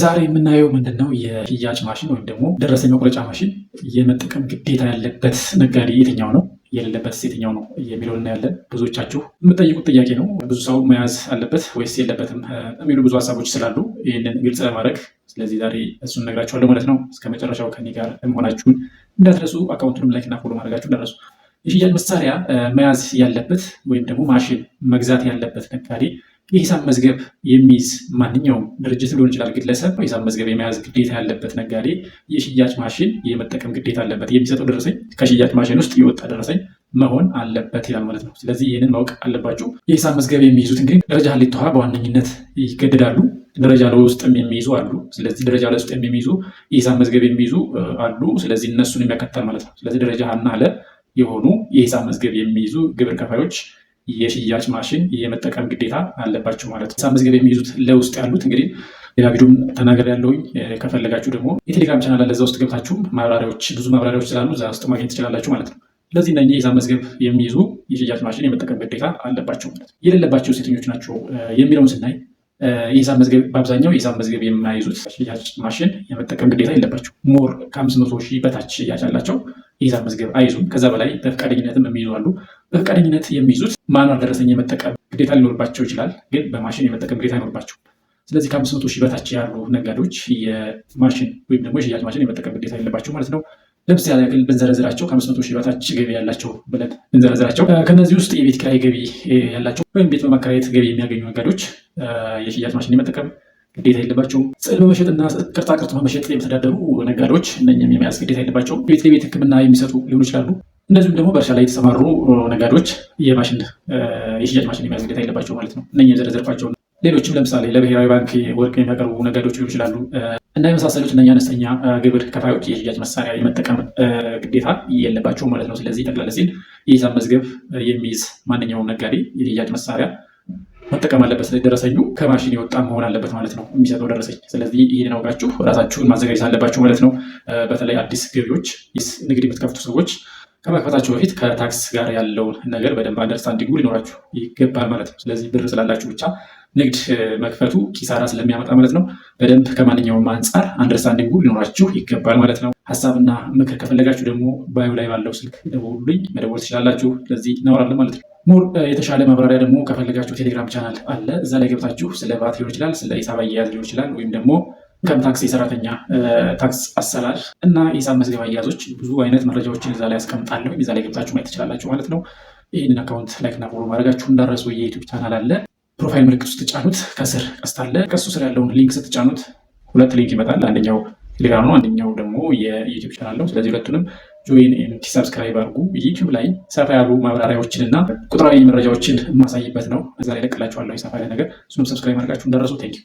ዛሬ የምናየው ምንድን ነው? የሽያጭ ማሽን ወይም ደግሞ ደረሰኝ መቁረጫ ማሽን የመጠቀም ግዴታ ያለበት ነጋዴ የትኛው ነው የሌለበት የትኛው ነው የሚለውን እናያለን። ብዙዎቻችሁ የምጠይቁት ጥያቄ ነው። ብዙ ሰው መያዝ አለበት ወይስ የለበትም የሚሉ ብዙ ሀሳቦች ስላሉ ይህንን ግልጽ ለማድረግ ስለዚህ ዛሬ እሱን እነግራችኋለሁ ማለት ነው። እስከ መጨረሻው ከኔ ጋር መሆናችሁን እንዳትረሱ፣ አካውንቱንም ላይክና ፎሎ ማድረጋችሁ እንዳትረሱ። የሽያጭ መሳሪያ መያዝ ያለበት ወይም ደግሞ ማሽን መግዛት ያለበት ነጋዴ የሂሳብ መዝገብ የሚይዝ ማንኛውም ድርጅት ሊሆን ይችላል፣ ግለሰብ የሂሳብ መዝገብ የመያዝ ግዴታ ያለበት ነጋዴ የሽያጭ ማሽን የመጠቀም ግዴታ አለበት። የሚሰጠው ደረሰኝ ከሽያጭ ማሽን ውስጥ የወጣ ደረሰኝ መሆን አለበት ይላል ማለት ነው። ስለዚህ ይህንን ማወቅ አለባችሁ። የሂሳብ መዝገብ የሚይዙት እንግዲህ ደረጃ ሀሌት በዋነኝነት ይገደዳሉ። ደረጃ ለውስጥም የሚይዙ አሉ። ስለዚህ ደረጃ ለውስጥም የሚይዙ የሂሳብ መዝገብ የሚይዙ አሉ። ስለዚህ እነሱን የሚያካትታል ማለት ነው። ስለዚህ ደረጃ ሀና ለ የሆኑ የሂሳብ መዝገብ የሚይዙ ግብር ከፋዮች የሽያጭ ማሽን የመጠቀም ግዴታ አለባቸው ማለት ነው። መዝገብ የሚይዙት ለውስጥ ያሉት እንግዲህ ሌላ ቪዲዮም ተናገር ያለውኝ ከፈለጋችሁ ደግሞ የቴሌግራም ቻናል አለ። ለዛ ውስጥ ገብታችሁ ማብራሪያዎች ብዙ ማብራሪያዎች ስላሉ እዛ ውስጥ ማግኘት ትችላላችሁ ማለት ነው። ለዚህ እነ የሂሳብ መዝገብ የሚይዙ የሽያጭ ማሽን የመጠቀም ግዴታ አለባቸው ማለት ነው። የሌለባቸው ሴተኞች ናቸው የሚለውን ስናይ የሂሳብ መዝገብ በአብዛኛው የሂሳብ መዝገብ የማይዙት ሽያጭ ማሽን የመጠቀም ግዴታ የለባቸው ሞር ከአምስት መቶ ሺህ በታች ሽያጭ አላቸው የሂሳብ መዝገብ አይዙም። ከዛ በላይ በፈቃደኝነትም የሚይዙ አሉ። በፈቃደኝነት የሚይዙት ማኗል ደረሰኝ የመጠቀም ግዴታ ሊኖርባቸው ይችላል፣ ግን በማሽን የመጠቀም ግዴታ አይኖርባቸው። ስለዚህ ከአምስት መቶ ሺህ በታች ያሉ ነጋዴዎች የማሽን ወይም ደግሞ የሽያጭ ማሽን የመጠቀም ግዴታ የለባቸው ማለት ነው። ለምሳሌ ያክል ብንዘረዝራቸው ከአምስት መቶ ሺህ በታች ገቢ ያላቸው ብለን ብንዘረዝራቸው ከነዚህ ውስጥ የቤት ኪራይ ገቢ ያላቸው ወይም ቤት በማከራየት ገቢ የሚያገኙ ነጋዴዎች የሽያጭ ማሽን የመጠቀም ግዴታ የለባቸውም። ስዕል በመሸጥና ቅርጻ ቅርጽ በመሸጥ የሚተዳደሩ ነጋዴዎች እነኝም የመያዝ ግዴታ የለባቸውም። ቤት ለቤት ሕክምና የሚሰጡ ሊሆኑ ይችላሉ። እንደዚሁም ደግሞ በእርሻ ላይ የተሰማሩ ነጋዴዎች የማሽን የሽያጭ ማሽን የመያዝ ግዴታ የለባቸው ማለት ነው። እነኝም የዘረዘርኳቸው ሌሎችም ለምሳሌ ለብሔራዊ ባንክ ወርቅ የሚያቀርቡ ነጋዴዎች ሊሆኑ ይችላሉ እና የመሳሰሉት እነኝህ አነስተኛ ግብር ከፋዮች የሽያጭ መሳሪያ የመጠቀም ግዴታ የለባቸው ማለት ነው። ስለዚህ ጠቅላላ ሲል የሂሳብ መዝገብ የሚይዝ ማንኛውም ነጋዴ የሽያጭ መሳሪያ መጠቀም አለበት። ስለዚህ ደረሰኙ ከማሽን የወጣ መሆን አለበት ማለት ነው የሚሰጠው ደረሰኝ። ስለዚህ ይህን አውቃችሁ ራሳችሁን ማዘጋጀት አለባችሁ ማለት ነው። በተለይ አዲስ ገቢዎች ንግድ የምትከፍቱ ሰዎች ከመክፈታቸው በፊት ከታክስ ጋር ያለውን ነገር በደንብ አንደርስታንዲንጉ ሊኖራችሁ ይገባል ማለት ነው። ስለዚህ ብር ስላላችሁ ብቻ ንግድ መክፈቱ ኪሳራ ስለሚያመጣ ማለት ነው። በደንብ ከማንኛውም አንጻር አንደርስታንዲንጉ ሊኖራችሁ ይገባል ማለት ነው። ሀሳብና ምክር ከፈለጋችሁ ደግሞ ባዩ ላይ ባለው ስልክ ደውሉልኝ፣ መደወል ትችላላችሁ። ስለዚህ እናወራለን ማለት ነው። ሙር የተሻለ ማብራሪያ ደግሞ ከፈለጋችሁ ቴሌግራም ቻናል አለ። እዛ ላይ ገብታችሁ ስለ ባት ሊሆን ይችላል፣ ስለ ሂሳብ አያያዝ ሊሆን ይችላል፣ ወይም ደግሞ ከም ታክስ የሰራተኛ ታክስ አሰላል እና የሂሳብ መዝገብ አያያዞች ብዙ አይነት መረጃዎችን እዛ ላይ አስቀምጣለሁ። እዛ ላይ ገብታችሁ ማየት ትችላላችሁ ማለት ነው። ይህንን አካውንት ላይክና ፎሎ ማድረጋችሁ እንዳረሱ የዩቱብ ቻናል አለ። ፕሮፋይል ምልክት ስትጫኑት ከስር ቀስት አለ። ከሱ ስር ያለውን ሊንክ ስትጫኑት ሁለት ሊንክ ይመጣል። አንደኛው ቴሌግራም ነው፣ አንደኛው ደግሞ የዩቱብ ቻናል ነው። ስለዚህ ሁለቱንም ጆይን ኤምቲ ሰብስክራይብ አድርጉ። ዩቲዩብ ላይ ሰፋ ያሉ ማብራሪያዎችን እና ቁጥራዊ መረጃዎችን የማሳይበት ነው። እዛ ላይ ለቅላችኋለሁ የሰፋ ያለ ነገር። እሱም ሰብስክራይብ አድርጋችሁ እንደረሱ ቴንኪው